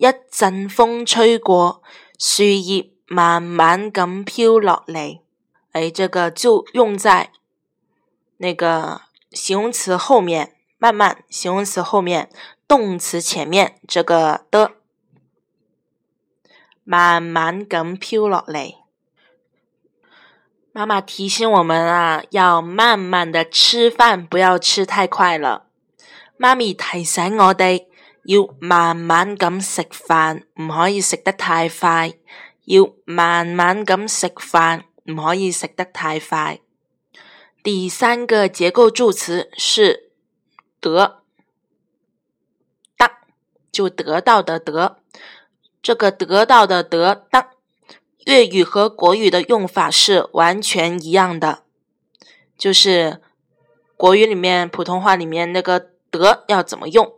一陣風吹過，樹葉慢慢噉飄落嚟。誒、哎、這個就用在那個形容詞後面，慢慢形容詞後面，動詞前面，這個的慢慢噉飄落嚟。媽媽提醒我們啊，要慢慢的吃飯，不要吃太快了。媽咪提醒我哋。要慢慢咁食飯，唔可以食得太快。要慢慢咁食飯，唔可以食得太快。第三個結構助詞是得、得，就得到的得，這個得到的得，得，粵語和國語的用法是完全一樣的，就是國語裏面普通話裏面那個得要怎麼用？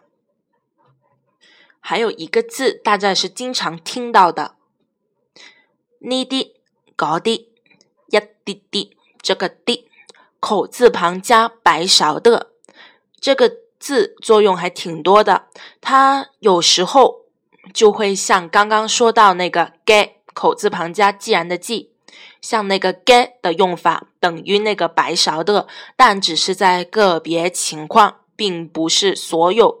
還有一個字，大家是經常聽到的，呢啲嗰啲，一啲啲，這個“啲”，口字旁加白勺的，這個字作用還挺多的。它有時候就會像剛剛說到那個 g a y 口字旁加既然的“既”，像那個 g a y 的用法等於那個“白勺”的，但只是在個別情況，并不是所有。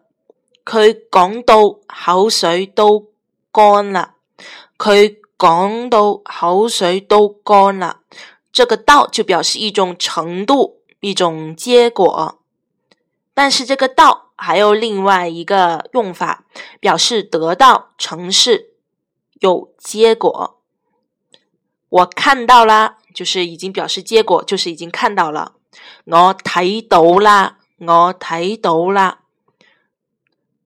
佢講到口水都乾啦，佢講到口水都乾啦。這個到就表示一種程度，一種結果。但是這個到還有另外一個用法，表示得到、成事、有結果。我看到啦，就是已經表示結果，就是已經看到了。我睇到啦，我睇到啦。